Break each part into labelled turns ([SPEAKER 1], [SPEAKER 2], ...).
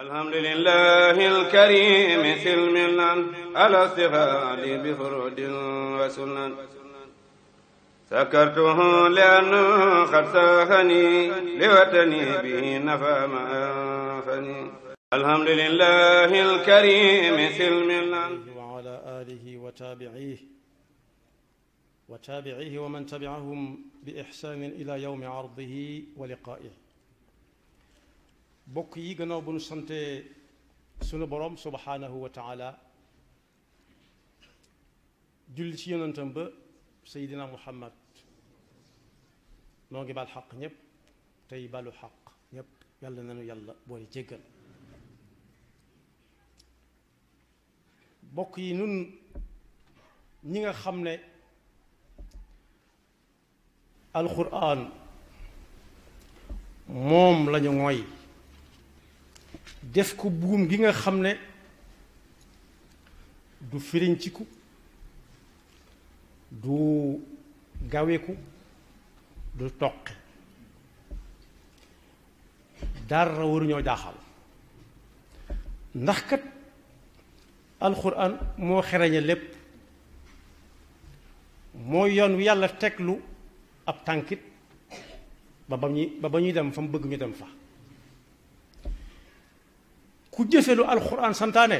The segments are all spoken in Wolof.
[SPEAKER 1] alhamdulillahi alkarimi silmilan alastifaad bi furudin wa sunan sakartuhu liannu qad saahani liwatani bihi nafa ma anfani alhamdulillahi alkarimi silmilan wa ala alihi wa tabiihi wa tabiihi wa man tabiahum bi ihsanin ila yawmi ardihi wa liqaihi bokk yi gannaaw bu nu sante sunu borom subhaanahu wa taala julli ci yonantam ba seydina muhammad noo ngi baal xaq ñépp tey balu xaq ñépp yàlla nanu yàlla boole jéggal bokk yi nun ñi nga xam ne alquran moom lañu mooy def ko buum gi nga xam ne du firinciku du gaweku du toq dara waruñoo jaaxal ndax kat alxuraan moo xereñe lépp moo yoon wi yàlla teglu ab tànkit ba ba ñuy ba ba ñuy dem fa mu bëgg ñu dem fa ku jëfe lu alxuraan santaane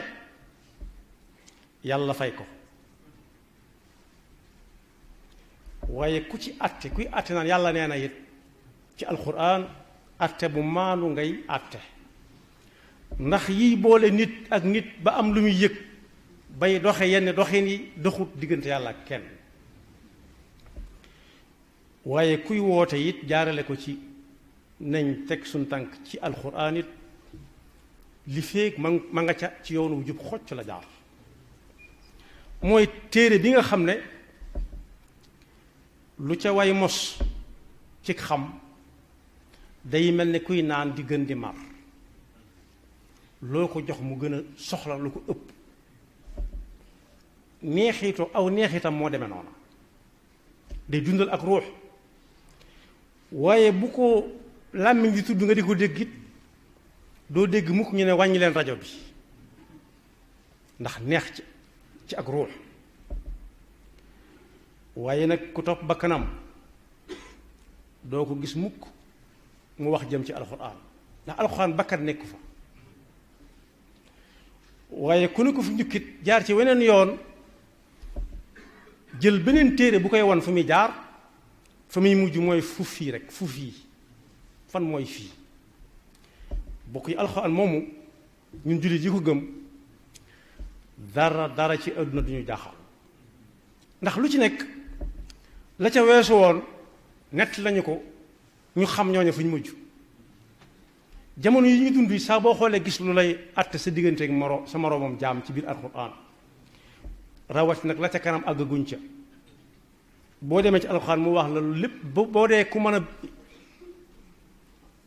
[SPEAKER 1] yàlla fay ko waaye ku ci àtte kuy àtte naan yàlla nee na it ci alxuraan àtte bu maanu ngay àtte ndax yiy boole nit ak nit ba am lu muy yëg bay doxe yenn doxin yi doxut diggante yàlla ak kenn waaye kuy woote it jaarale ko ci nañ teg suñ tànk ci alxuraan it li feeg ma ma nga ca ci yoonu wu jub xocc la jaar mooy téere bi nga xam ne lu ca way mos ci xam day mel ni kuy naan di gën di mar loo ko jox mu gën a soxla lu ko ëpp neexitu aw neexitam moo deme noona day dundal ak ruux waaye bu ko làmmiñ di tudd nga di ko dégg doo dégg mukk ñu ne wàññi leen rajo bi ndax neex ci ci ak ruux waaye nag ku topp ba kanam doo ko gis mukk mu wax jëm ci alxuraan ndax alxuraan bakkan nekku fa waaye ku ne ko fi njukkit jaar ci weneen yoon jël beneen téere bu koy won fu muy jaar fa muy mujj mooy fuuf fii rek fuuf fii fan mooy fii bokk yi alxuraan moomu ñun jullit yi ko gëm dara dara ci àdduna duñu ñu ndax lu ci nekk la ca weesu woon nett lañu ko ñu xam ñooñu fu ñu mujj jamono yi ñu dund saa boo xoolee gis lu lay àtte sa diggante ak moro sa moroomam jaam ci biir alxuraan rawat nag la ca kanam àggaguñ ca boo demee ci alxuraan mu wax la lépp boo dee ku mën a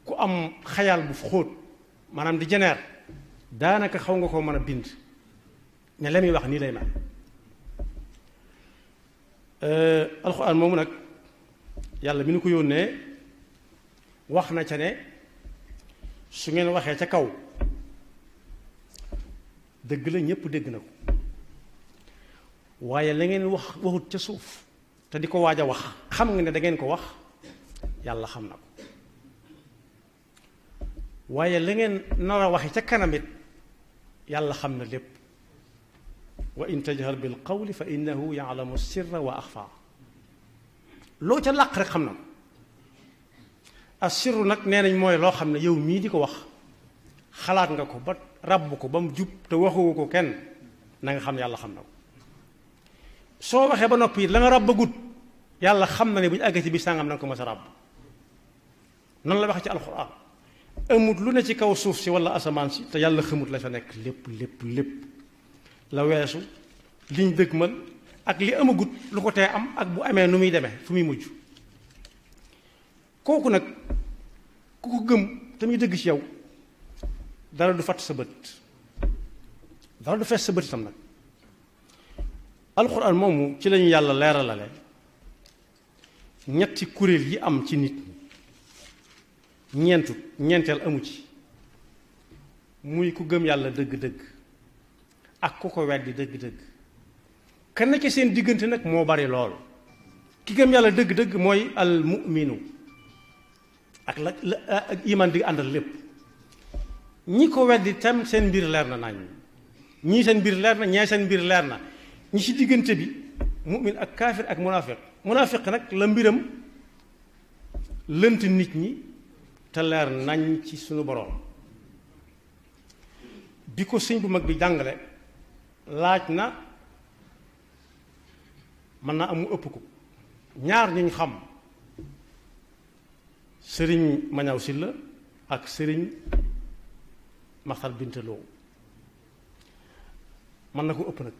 [SPEAKER 1] ku am xayaal bu xóot maanaam di jeneer daanaka xaw nga koo mën a bind ne la muy wax nii lay mel euh, alxuraan moomu nag yàlla mi nu ko yónnee wax na ca ne su ngeen waxee ca kaw dëgg la ñépp dégg na ko waaye la ngeen wax waxut ca suuf te di ko waaj a wax xam nga ne dangeen ko wax yàlla xam na ko waaye la ngeen nar wax waxe ca kanamit yàlla xam na lépp wa in tajhar bil qawli fa innahu yaalamu sirra wa axfa loo ca làq rek xam na as sirru nag nee nañ mooy loo xam ne yow mii di ko wax xalaat nga ko ba ràbb ko ba mu jub te waxuwu ko kenn na nga xam yàlla xam na ko soo waxee ba noppi la nga rabbagut yàlla xam na ne bu ñu àggee ci bi sàngam na nga ko ma a ràbb noon la wax ci alxuraan amut lu ne ci kaw suuf si wala asamaan si te yàlla xamut la sa nekk lépp lépp lépp la weesu liñ dëgmal ak li amagut lu ko tee am ak bu amee nu muy demee fu muy mujj kooku nag ku ko gëm te muy dëgg ci yow dara du fàtt sa bët dara du fees sa bët itam nag alxuraan moomu ci lañu yàlla leeralale ñetti kuréel yi am ci nit ñeentu ñeenteel amu ci muy ku gëm yàlla dëgg-dëgg ak ku ko weddi dëgg-dëgg kan na ci seen diggante nag moo bari lool ki gëm yàlla dëgg-dëgg mooy al mu'minu ak la ak iman di àndal lépp ñi ko weddi tam seen mbir leer na ñi ñii seen mbir leer na ñee seen mbir leer na ñi ci diggante bi mu'min ak kaafir ak munaafiq munaafiq nag la mbiram lënt nit ñi te leer nañ ci suñu boroom bi ko sëñ bu mag bi jàngale laaj na mën na amu ëpp ko ñaar ñu xam sëriñ Mañaw Silla ak sëriñ Maxtar Bintaloo mën na ko ëpp nag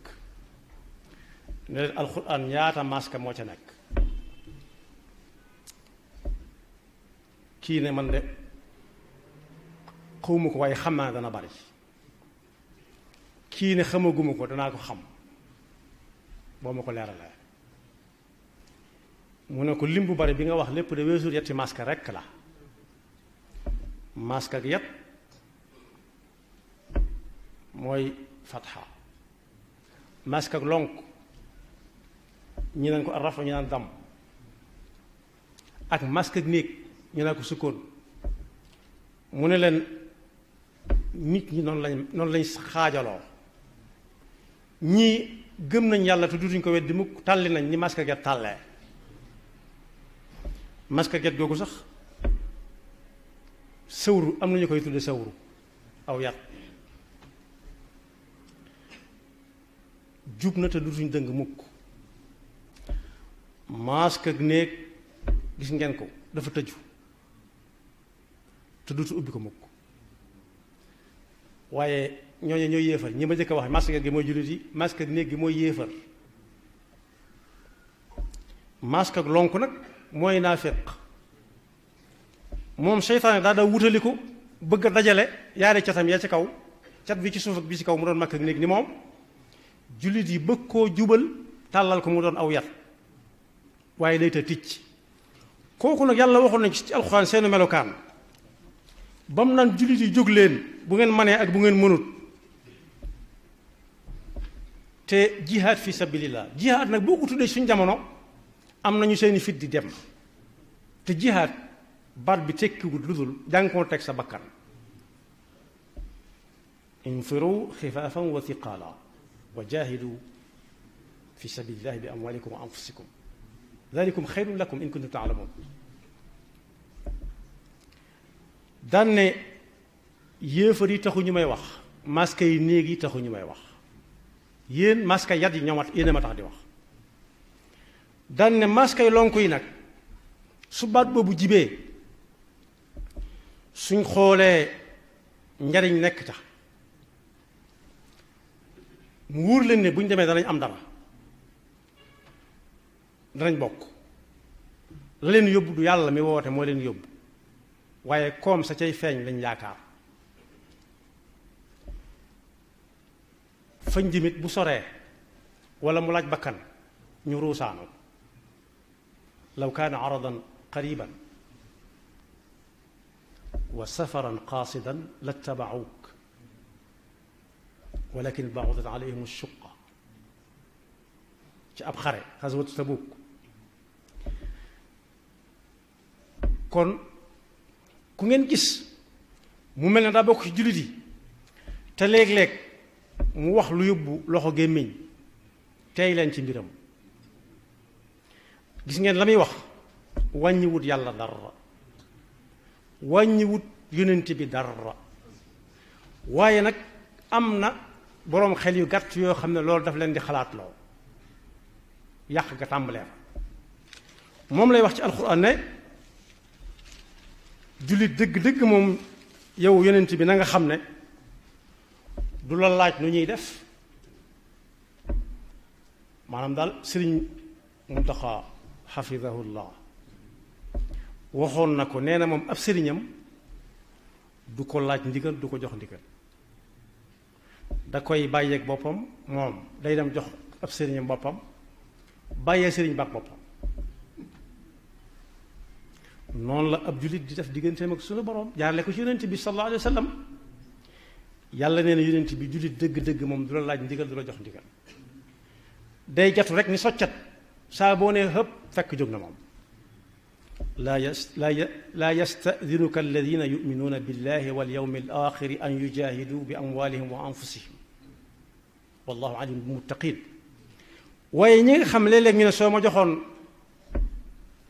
[SPEAKER 1] ne leen alxuraan ñaata maska moo ca nekk kii ne man de xawma ko waaye xam naa dana bari kii ne xamaguma ko danaa ko xam boo ma ko leeralee mu ne ko lim bu bari bi nga wax lépp de weesu yetti masque rekk la masque ak yet mooy fatxa masque ak lonk ñi naan ko rafa ñu naan dam ak masque ak néeg ñu naa ko sukkoon mu ne leen nit ñi noon lañ noonu lañ xaajaloo ñii gëm nañ yàlla te dutuñ ko weddi mukk tàlli nañ ni masquerade tàllee masquerade googu sax sëwru am nañu koy tudde sawru aw yat jub na te dutuñ dëng mukk masque néeg gis ngeen ko dafa tëju te dootul ubbi ko mukk waaye ñooñu ñooy yéefar ñi ma njëkk a wax masque gi mooy jullit yi masque ak néeg gi mooy yéefar masque ak lonk nag mooy naafiq moom seytaane daa daa ko bëgg a dajale yaari casam yaa ci kaw cat bi ci suuf ak bi ci kaw mu doon makk ak néeg ni moom jullit yi bëgg koo jubal tàllal ko mu doon aw yat waaye day ticc kooku nag yàlla waxoon nañ ci alxuraan seenu melokaan ba mu naan jullit yi jóg leen bu ngeen manee ak bu ngeen mënut te jihaad fi sabilillah jihaad nag boo ko tuddee suñ jamono am nañu seeni fit di dem te jihaad baat bi tekkiwut lu dul jànkoon teg sa bakkan infiru xifaafan wa thiqaala wa jaahidu fi sabilillahi bi amwalikum wa anfusikum dalikum xayrun lakum in kuntum taalamun danne ne yéefar yi taxu ñu may wax masque yi néeg yi taxu ñu may wax yéen masque yat yi ñoomat yéen ma tax di wax daan ne yi lonk yi nag su baat boobu jibee suñ xoolee njariñ nekk tax mu wóor leen ne bu ñu demee danañ am dara danañ bokk la leen yóbbu du yàlla mi woote moo leen yóbbu waaye koom sa cay feeñ lañ yaakaar fañ jimit bu soree wala mu laaj bakkan ñu ruusaanu law kaana aradan qariban wa safaran qaasidan lattabacuuk walakin baaxudat alayhim shuqa ci ab xare xaswatu Tabuk kon ku ngeen gis mu mel ne daa bokk ci jullit yi te léeg-léeg mu wax lu yóbbu loxo gémmiñ tey leen ci mbiram gis ngeen la muy wax wàññiwut yàlla dara wàññiwut yonent bi dara waaye nag am na boroom xel yu gàtt yoo xam ne loolu daf leen di xalaat loo yàq ga tàmbalee moom lay wax ci alxuraan ne jullit dëgg-dëgg moom yow yonent bi nanga xam ne du la laaj nu ñuy def maanaam daal sëriñ Muntaxa xafidahullah waxoon na ko nee na moom ab sëriñam du ko laaj ndigal du ko jox ndigal da koy bàyyeeg boppam moom day dem jox ab sëriñam boppam bàyyee sëriñ baak boppam noonu la ab jullit di def digganteem ak suñu borom jaarale ko ci yonent bi sallallahu alayhi wa sallam nee na yonent bi julit dëgg-dëgg moom du la laaj ndigal du la jox ndigal day jatu rek ni soccat saa boo nee xëpp fekk na moom laa yas la ya laa yastadinuka alladina yuminuuna billahi wal yawmi al axiri an yujahidu bi amwalihim wa anfusihim wallahu alim bi waaye ñi nga xam soo ma joxoon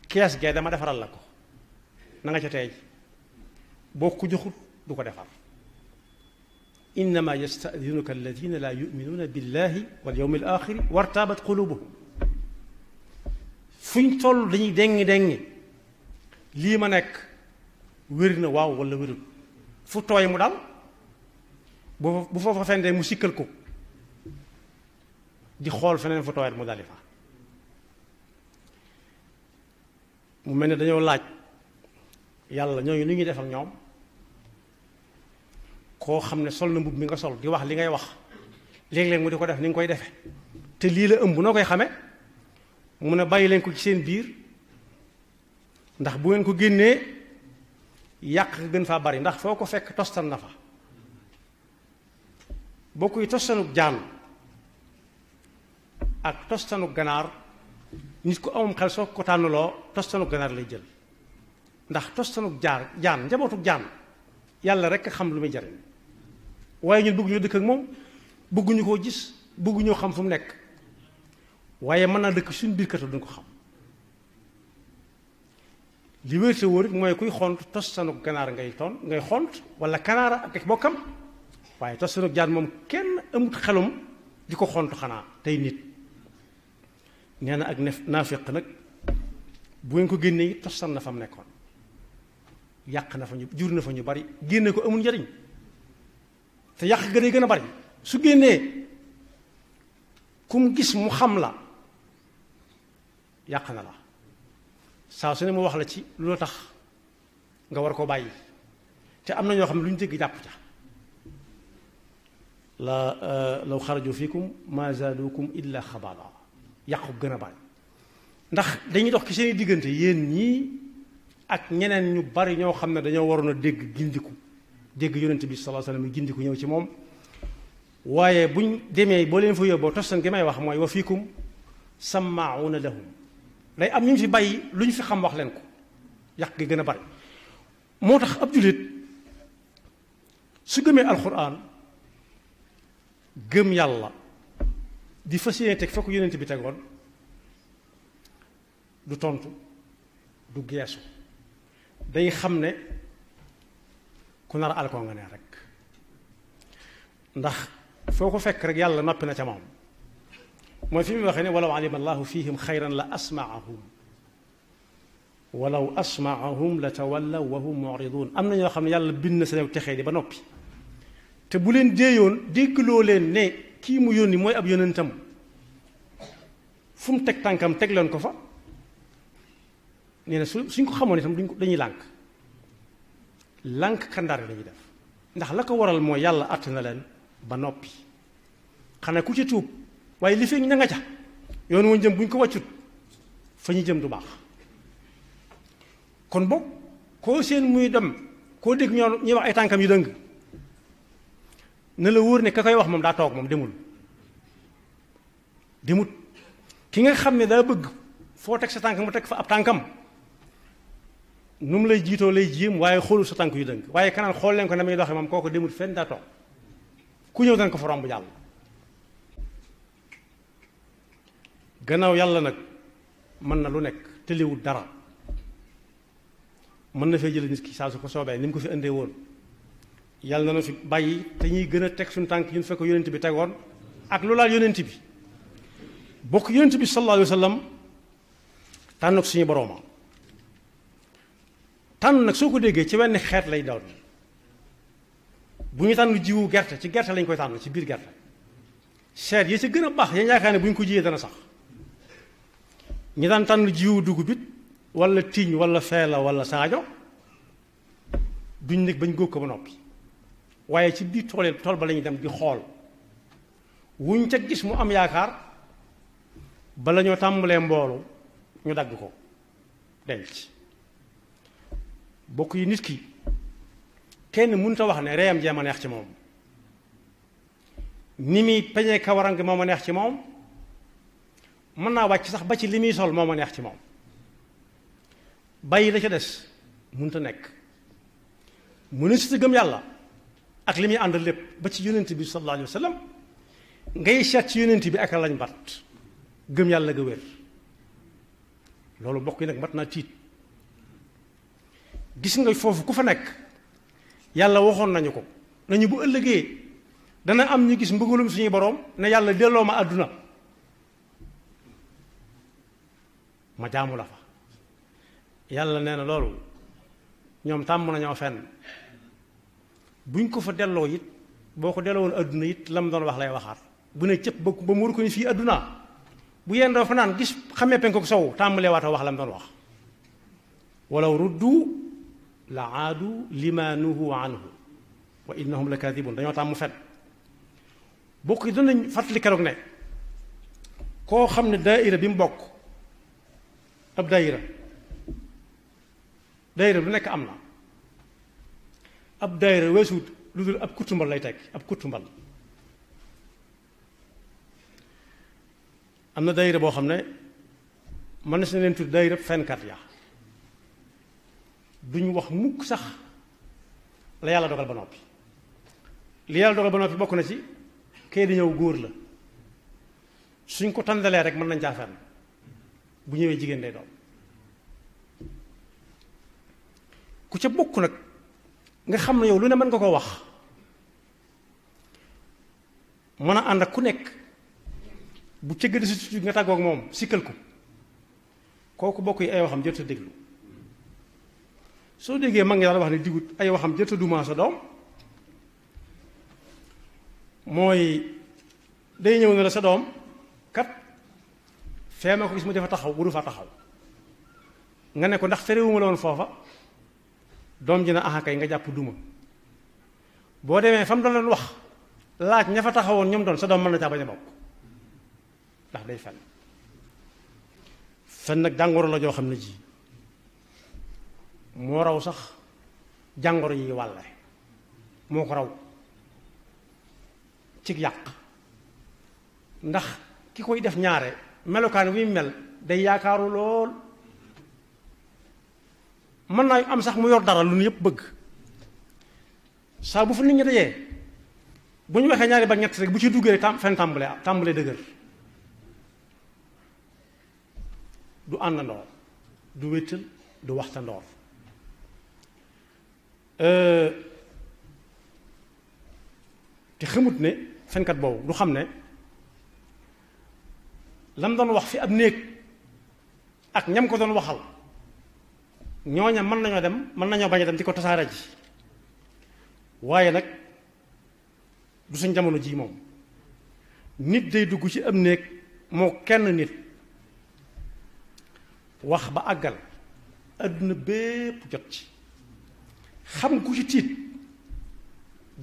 [SPEAKER 1] kees gee dama defaral la ko na nga ca teey boo ko joxut du ko defar innama yastadinuka alladina laa yuminuuna billahi wal yawmi al axiri wartaabat qulubuhum fuñ toll dañuy dengi dengi lii ma nekk wér na waaw wala wérul fu tooy mu dal bu foofa fendee mu sikkal ko di xool feneen fu tooyat mu dali fa mu mel ne dañoo laaj yàlla ñooñu lu ñuy defal ñoom koo xam ne sol na mbubb mi nga sol di wax li ngay wax léeg-léeg mu di ko def ni nga koy defe te lii la ëmb noo koy xame mu ne bàyyi leen ko ci seen biir ndax bu ngeen ko génnee yàq gën faa bari ndax foo ko fekk tostan na fa bokk yi tostanuk jaan ak tostanuk ganaar nit ku amum xel soo ko tànnuloo tostanuk ganaar lay jël ndax tostanug jaar jaan njabootug jaan yàlla rek xam lu muy jariñ waaye ñun bëgguñu dëkk ak moom bëgguñu koo gis bëgguñoo xam fu mu nekk waaye mën naa dëkk suñ biir kër duñ ko xam li wérte wóor mooy kuy xont tostanug kanaar ngay ton ngay xont wala kanaara ak bokkam waaye tostanug jaan moom kenn amut xelum di ko xont xanaa tey nit nee na ak naafiq nag bu ngeen ko génnee tostan na fa mu nekkoon yàq na fa ñu jur na fa ñu bari génne ko amul njariñ te yàq gën a gën a bari su génnee kum gis mu xam la yàq na la saa su ne mu wax la ci loo tax nga war ko bàyyi te am na ñoo xam ne lu ñu dégg jàpp ca la euh, law xaraju fiikum ma zaadukum illa xabaala yàqu gën a bari ndax dañuy dox ki seen diggante yéen ñii ak ñeneen ñu bari ñoo xam ne dañoo waroon a dégg gindiku dégg yonent bi sallallahu alayhi wasallam gindiku ñëw ci moom waaye buñ demee boo leen fa yóbboo tostan gi may wax mooy wa fiikum sammaawuna lahum day am ñu fi bàyyi lu ñu fi xam wax leen ko yàq gi gën a bari moo tax ab jullit su gëmee alxuraan gëm yàlla di fas yéene teg fekk yonent bi tegoon du tontu du geesu day xam ne ku nar alkoo nga nee rek ndax foo ko fekk rek yàlla noppi na ca moom mooy fi muy waxee ne walaw alima allahu fihim xayran la asmaahum walaw asmaahum la tawallaw wa hum muridun am na ñoo xam ne yàlla bind na seen texee di ba noppi te bu leen déeyoon déggloo leen ne kii mu yónni mooy ab yónnentam fu mu teg tànkam teg leen ko fa nee na su suñ ko xamoon itam duñ ko dañuy lànk lànk kandar lañuy def ndax la ko waral moo yàlla àtt na leen ba noppi xanaa ku ci tuub waaye li feeg na nga ca yoon woon jëm buñ ko wàccut fa ñu jëm du baax kon boog koo seen muy dem koo dégg ñoo ñuy wax ay tànkam yu dëng na la wóor ne ka koy wax moom daa toog moom demul demut ki nga xam ne daa bëgg foo teg sa tànk mu teg fa ab tànkam nu mu lay jiitoo lay jéem waaye xoolul sa tànk yu dënk waaye kanaan xool leen ko na muy doxee moom kooku demul fenn daa toog ku ñëw danga ko fa bu jàll. gannaaw yàlla nag mën na lu nekk tëlewul dara mën na fee jël nit ki saa su ko soobee ni mu ko fi indee woon yàlla na na fi bàyyi te ñuy gën a teg suñu tànk ñun fekk yonent bi tegoon ak lu laal yonent bi bokk yonent bi sallallahu alayhi tànn ko suñu boroomam tànn nag soo ko déggee ci wenn xeet lay doon bu ñu tànn jiwu gerte ci gerte lañ koy tànn ci biir gerte seet yi ci gën a baax yañ yaakaar ne bu ko jiyee dana sax ñu daan tànn jiwu dugub it wala tiiñ wala feela walla saajo duñ nekk bañ góog ko ba noppi waaye ci biir tool tool ba lañuy dem di xool wuñ ca gis mu am yaakaar bala ñoo tàmbalee mboolu ñu dagg ko denc bokk yi nit ki kenn mënut a wax ne reyam jee ma neex ci moom ni muy peñee kawaram gi moo ma neex ci moom mën naa wàcc sax ba ci li muy sol moo ma neex ci moom bàyyi la ca des mënut a nekk mu ne si gëm yàlla ak li muy ànd lépp ba ci yonent bi sallallahu alayhi wa sallam ngay seet ci yonent bi ak lañ bat gëm yàlla ga wér loolu bokk yi nag mat naa tiit gis nga foofu ku fa nekk yàlla waxoon nañu ko nañu bu ëllëgee dana am ñu gis mbëggalum suñuy boroom ne yàlla delloo ma àdduna ma jaamu la fa yàlla nee na loolu ñoom tàmm nañoo fenn buñ ko fa delloo it boo ko delloo woon àdduna it lam doon wax lay waxaat bu ne cëpp ba ba mu war ko ni fii àdduna bu yendoo fa naan gis xamee penk ko sow tàmbalee waata wax lam doon wax walaw ruddu la aadu du nuhu anhu wa innahum la kaadibun ne koo xam ne daaira bi mu bokk ab daaira daaira lu nekk am na ab daaira weesuut lu dul lay tekki ab kuttumbal am na daaira boo xam ne mën na si leen tudd daaira fenkat ya duñu wax mukk sax la yàlla dogal ba noppi li yàlla dogal ba noppi bokk na ci kay di ñëw góor la suñ ko tàndalee rek mën nañ caa bu ñëwee jigéen day doom ku ca bokk nag nga xam ne yow lu ne mën nga ko wax mën a ànd ak ku nekk bu cëgg di si nga tàggoog moom sikkal ko kooku bokk yi ay waxam jot sa déglu soo déggee mag ngi daal wax ne digut ay waxam sa duma sa doom mooy day ñëw ne la sa doom kat fee ma ko gis mu dafa taxaw bu du fa taxaw nga ne ko ndax terewuma la woon foofa doom ji na aha yi nga jàpp duma boo demee fa mu doon wax laaj ña fa taxawoon ñoom doon sa doom mën na caa bokk ndax day fenn fenn nag jàngoro la joo xam ne ji moo raw sax jàngoro yi wàlle moo ko raw ci yàq ndax ki koy def ñaare melokaan wi mel day yaakaaru lool mën naa am sax mu yor dara lu nu yëpp bëgg saa bu fa nit ñi dajee bu ñu waxee ñaari ba ñett rek bu ci duggee tam fen tàmbalee tàmbalee dëgër du àndandoor du wéttal du waxtandoor Euh, te xamut ne fenkat boobu du xam ne lan doon wax fi ab néeg ak ñam ko doon waxal ñooña mën nañoo dem mën nañoo bañ a dem di ko tasaare ji waaye nag du suñ jamono ji moom nit day dugg ci ab néeg moo kenn nit wax ba àggal adduna bépp jot ci xam nga ku ci tiit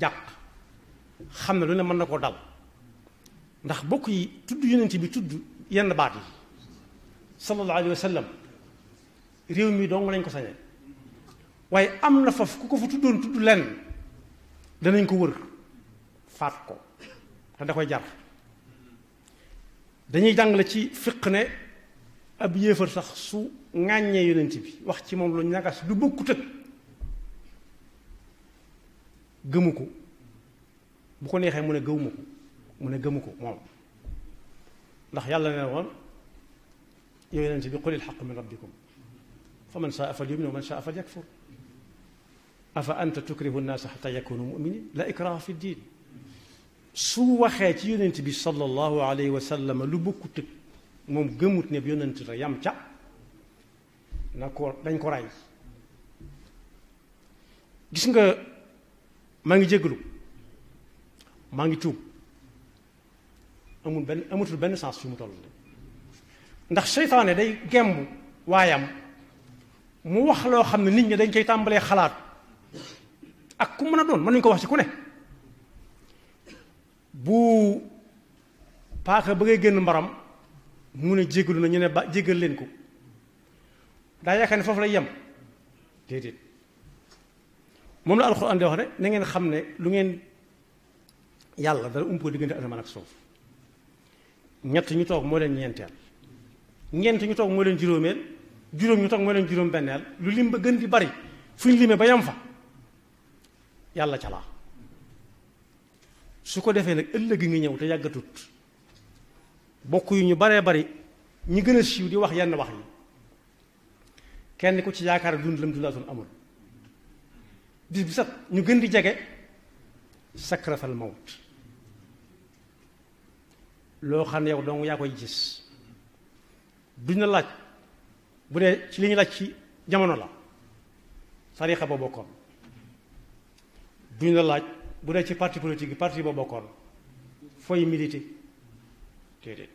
[SPEAKER 1] jàq xam ne lu ne mën na koo dal ndax bokk yi tudd yonent bi tudd yenn baat yi sallallahu alayhi wa sallam réew mi dong lañ ko sañe waaye am na faf ku ko fa tuddoon tudd lenn danañ ko wër faat ko te da koy jar dañuy jàngale ci fiq ne ab yéefar sax su ŋàññee yonent bi wax ci moom lu ñagas lu bokkut ak gëmu ko bu ko neexee mu ne gëwuma ko mu ne gëmu ko moom ndax yàlla ne woon yow yonent bi qulil xaqu min rabbikum fa man saa fal yumin wa man saa fal yakfur afa anta tukrihu nnaasa xata yakunu muminin la ikraha fi diin su waxee ci yonent bi sallallahu alayhi wa sallam lu bokkut ak moom gëmut ne yonent la yam ca na ko dañ ko ràññ maa ngi jégalu maa ngi tuub amul benn amatul benn sens fi mu toll ndax seytaane day gemb waayam mu wax loo xam ne nit ñi dañ koy tàmbalee xalaat ak ku mën a doon mën nañ ko wax ci ku ne bu paaka ba ngay génn mbaram mu ne jégalu na ñu ne ba jégal leen ko daa yaakaar ne foofu la yem déedéet moom la alxuraan di wax rek na ngeen xam ne lu ngeen yàlla dara umpoo diggante asamaan ak suuf ñett ñu toog moo leen ñeenteel ñeent ñu toog moo leen juróomeel juróom ñu toog moo leen juróom benneel lu lim ba gën di bari fu ñu limee ba yam fa yàlla ca su ko defee nag ëllëg ngi ñëw te yàggatut bokk yu ñu baree bari ñi gën a siiw di wax yenn wax yi kenn ku ci yaakaar dund lam du laa amul bis bu set ñu gën di jege sakrafal mawt loo xam ne yow dong yaa koy gis duñ la laaj bu dee ci li ñu laaj ci jamono la tarixa ba bokkoon duñ la laaj bu dee ci parti politique bi parti ba bokkoon fooy milité déedéet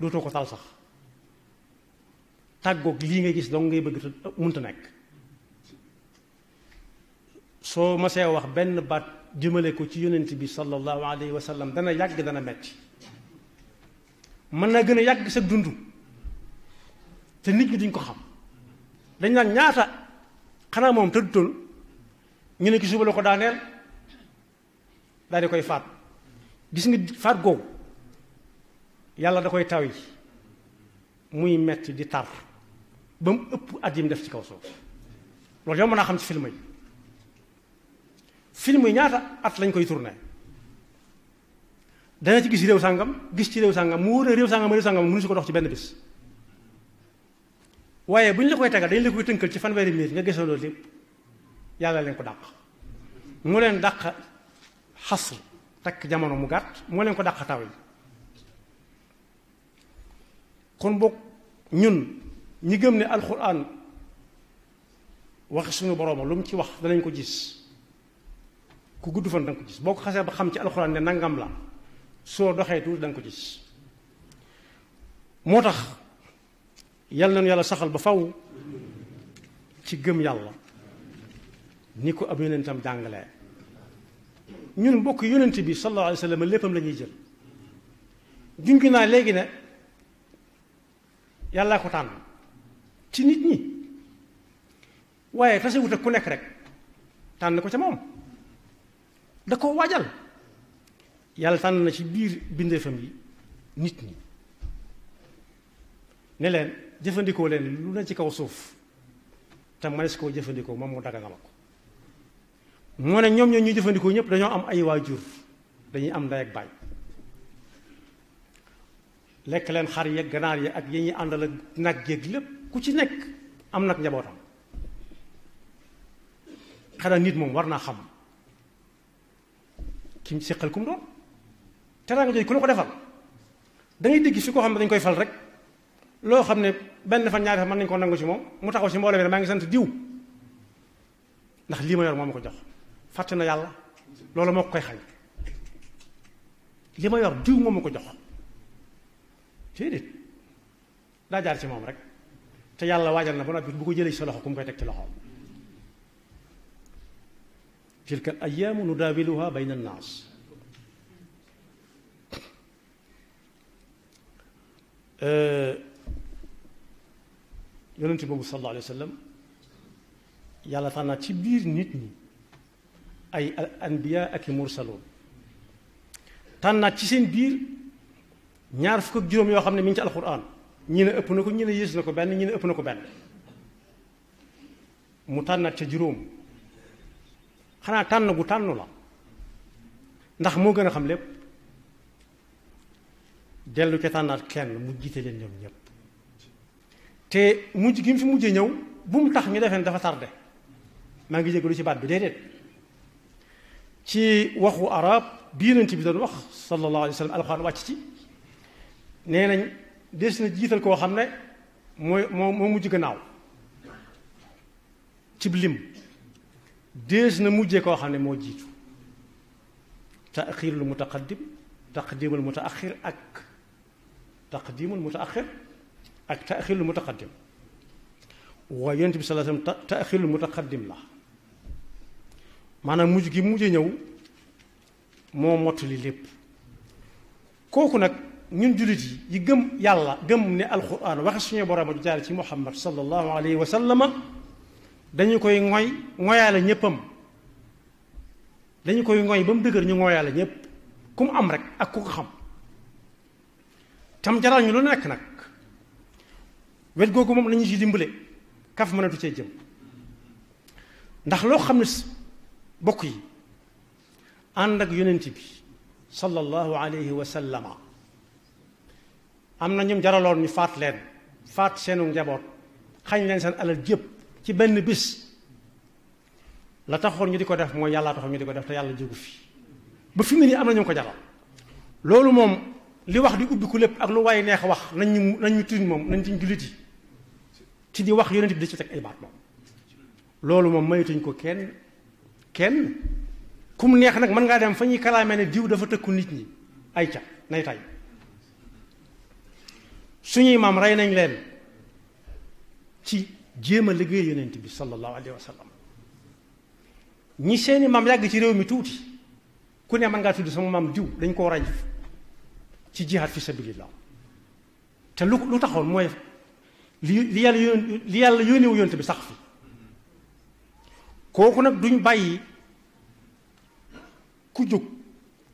[SPEAKER 1] ko tal sax tàggoog lii nga gis dong ngay bëgg te mënta nekk soo mësee wax benn baat jëmale ko ci yonent bi sallallahu alayhi wa sallam dana yàgg dana metti mën na gën a yàgg sa dund te nit ñi duñ ko xam dañ naan ñaata xanaa moom tëddutoon ñu ne ki suba la ko daaneel daal di koy faat gis nga faat googu yàlla da koy taw yi muy metti di tar ba mu ëpp at yi def ci kaw suuf loolu yow mën naa xam ci film yi film yi ñaata at lañ koy tourné dana ci gis réew sàngam gis ci réew sàngam mu wóor réew sàngam réew sàngam mënu si ko dox ci benn bis waaye bu ñu la koy tegal dañ la koy tënkal ci fanweeri minute nga gisoo loolu lépp yàlla leen ko dàq moo leen dàq xasr takk jamono mu gàtt moo leen ko dàq taw yi kon boog ñun ñi gëm ne alxuraan waxi suñu borooma lu mu ci wax danañ ko gis ku gudd fan da nga ko gis boo ko xasee ba xam ci alxuraan ne nangam la soo doxee tuuti da nga ko gis moo tax yal nañu yàlla saxal ba faw ci gëm yàlla ni ko ab yonentam jàngale ñun mbokk yonent bi sallallahu alayhi wa léppam lañuy ñuy jël junj naa léegi ne yàllaa ko tànn ci nit ñi waaye tasewut ak ku nekk rek tànn ko ca moom da ko waajal yàlla tànn na ci biir bindeefam yi nit ñi ne leen jëfandikoo leen lu ne ci kaw suuf te mënees koo jëfandikoo moom mu daganal ko moo ne ñoom ñoo ñuy jëfandikoo ñëpp dañoo am ay waajur dañuy am ndey ak baay lekk leen xar yeeg ganaar yi ak yi ñuy àndal ak nag yeeg lépp ku ci nekk am nag njabootam xanaa nit moom war naa xam ki seqal kum doon teraanga jooju ku la ko defal da ngay dégg fi koo xam ne dañ koy fal rek loo xam ne benn fan ñaari fan mën nañ koo nangu ci moom mu taxaw ci mbooloo mi maa ngi sant diw ndax lii ma yor moo ma ko jox fàtte na yàlla loolu moo ko koy xañ li ma yor diw moom ma ko jox déedéet daa jaar ci moom rek te yàlla waajal na ba noppi bu ko jëlee ci sa loxo ku mu koy teg ci loxoom. تلك الأيام نداولها بين الناس yonent boobu sallallahu alayhi wa sallam yàlla tànnaat ci biir nit ñi ay anbiya ak i mursaloon tànnaat ci seen biir ñaar fukk ak juróom yoo xam ne mi ngi ci alquran ñi ne ëpp na ko ñi ne yées na ko benn ñi ne ëpp na ko benn mu tànnaat ca juróom xanaa tànn gu tànnu la ndax moo gën a xam lépp dellu ca tànnaat kenn mu jiite leen ñoom ñépp te mujj gi mu fi mujje ñëw bu mu tax ñu defee dafa tardé maa ngi jégalu ci baat bi déedéet ci waxu arab bii nañ ci bi doon wax sallallahu alayhi wa sallam wàcc ci nee nañ des na jiital koo xam ne mooy moo moo mujj gannaaw cib lim dees na mujje koo xam ne moo jiitu taxiirul mutaqaddim taqdimul mutaaxir ak taqdimul mutaaxir ak taxiirul mutaqaddim waaye yonent bi sallallahu alayhi wasallam taxiirul mutaqaddim la maanaam mujj gi mujje ñëw moo mottali lépp kooku nag ñun jullit yi yi gëm yàlla gëm ne alquran waxe suñu borom a jaar ci muhammad sallallahu alayhi wa sallama dañu koy ngoy ngoyaale ñéppam dañu koy ŋoy ba mu dëgër ñu ngoyaale ñépp ku mu am rek ak ku ko xam tam jaral ñu lu nekk nag wet googu moom lañu ci dimbale kaf mënatu cee jëm ndax loo xam ne bokk yi ànd ak yonent bi sallallahu alayhi wa sallama am na ñum jaraloon ñu faat faat seenu njaboot xañ leen seen alal jëpp ci benn bis la taxoon ñu di ko def mooy yàllaa taxoon ñu di ko def te yàlla jógu fi ba fi mu nii am na ñu ko jaral loolu moom li wax di ubbi ko lépp ak lu waaye neex wax nañ ñu nañ ñu tiñ moom nañ tiñ jullit yi ci di wax yonent bi di ci teg ay baat moom loolu moom maytuñ ko kenn kenn kum neex nag mën ngaa dem fa ñuy kalaamee ne diw dafa tëkku nit ñi ay ca nay tay suñuy maam rey nañ leen ci jéem a liggéey yonent bi sallallahu alayhi wa sallam ñi seeni maam yàgg ci réew mi tuuti ku ne mën ngaa tudd sama maam diw dañ koo raj ci jihaad fi sabilillah te lu lu taxoon mooy li li yàlla yónni li bi sax fi kooku nag duñ bàyyi ku jóg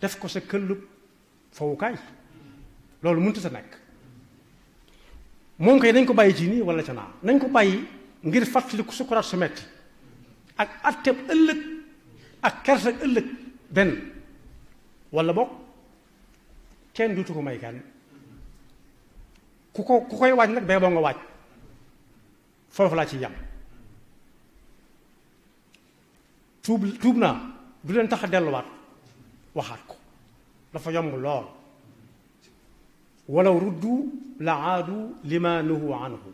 [SPEAKER 1] def ko sa këllub fowukaay loolu mënut sa nekk moom kay nañ ko bàyyi ci nii wala ca nañ ko bàyyi ngir fàttaliku sukkuraat su metti ak atteb ëllëg ak kersa ëllëg benn wala bokk kenn duutu ko may kenn ku ko ku koy waaj nag bee boo nga waaj foofu laa ci yam tuub tuub naa du leen tax a delluwaat waxaat ko dafa yomb lool walaw ruddu la aadu lima nuhu anhu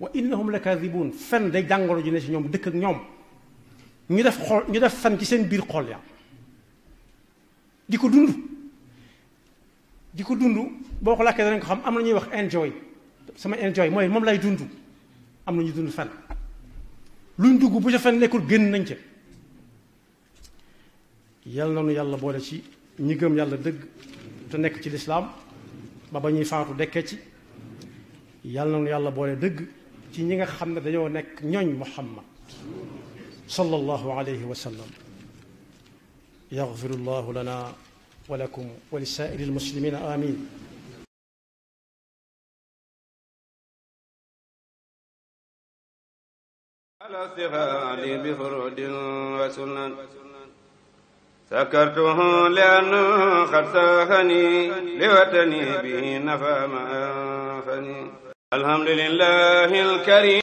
[SPEAKER 1] wa innahum la kaadibuun fen day jàngoro ji ne si ñoom dëkk ak ñoom ñu def xol ñu def fen ci seen biir xool ya di ko dund di ko dund boo ko làkkee danañ ko xam am na ñuy wax enjoy sama enjoy mooy moom lay dund am na ñu dund fen luñ dugg bu ca fen nekkul génn nañ ca yal na yàlla boole ci ñi gëm yàlla dëgg te nekk ci lislaam ba ba ñuy faatu dekke ci yàlla na boole dëgg ci ñi nga xam ne dañoo nekk ñooñ muhammad sallallahu alayhi wa sallam yaxfiru llahu lana wa lakum wa li saa'iri amin شكرته لأنه قد ساخني لوطني به نفى ما أنفني الحمد لله الكريم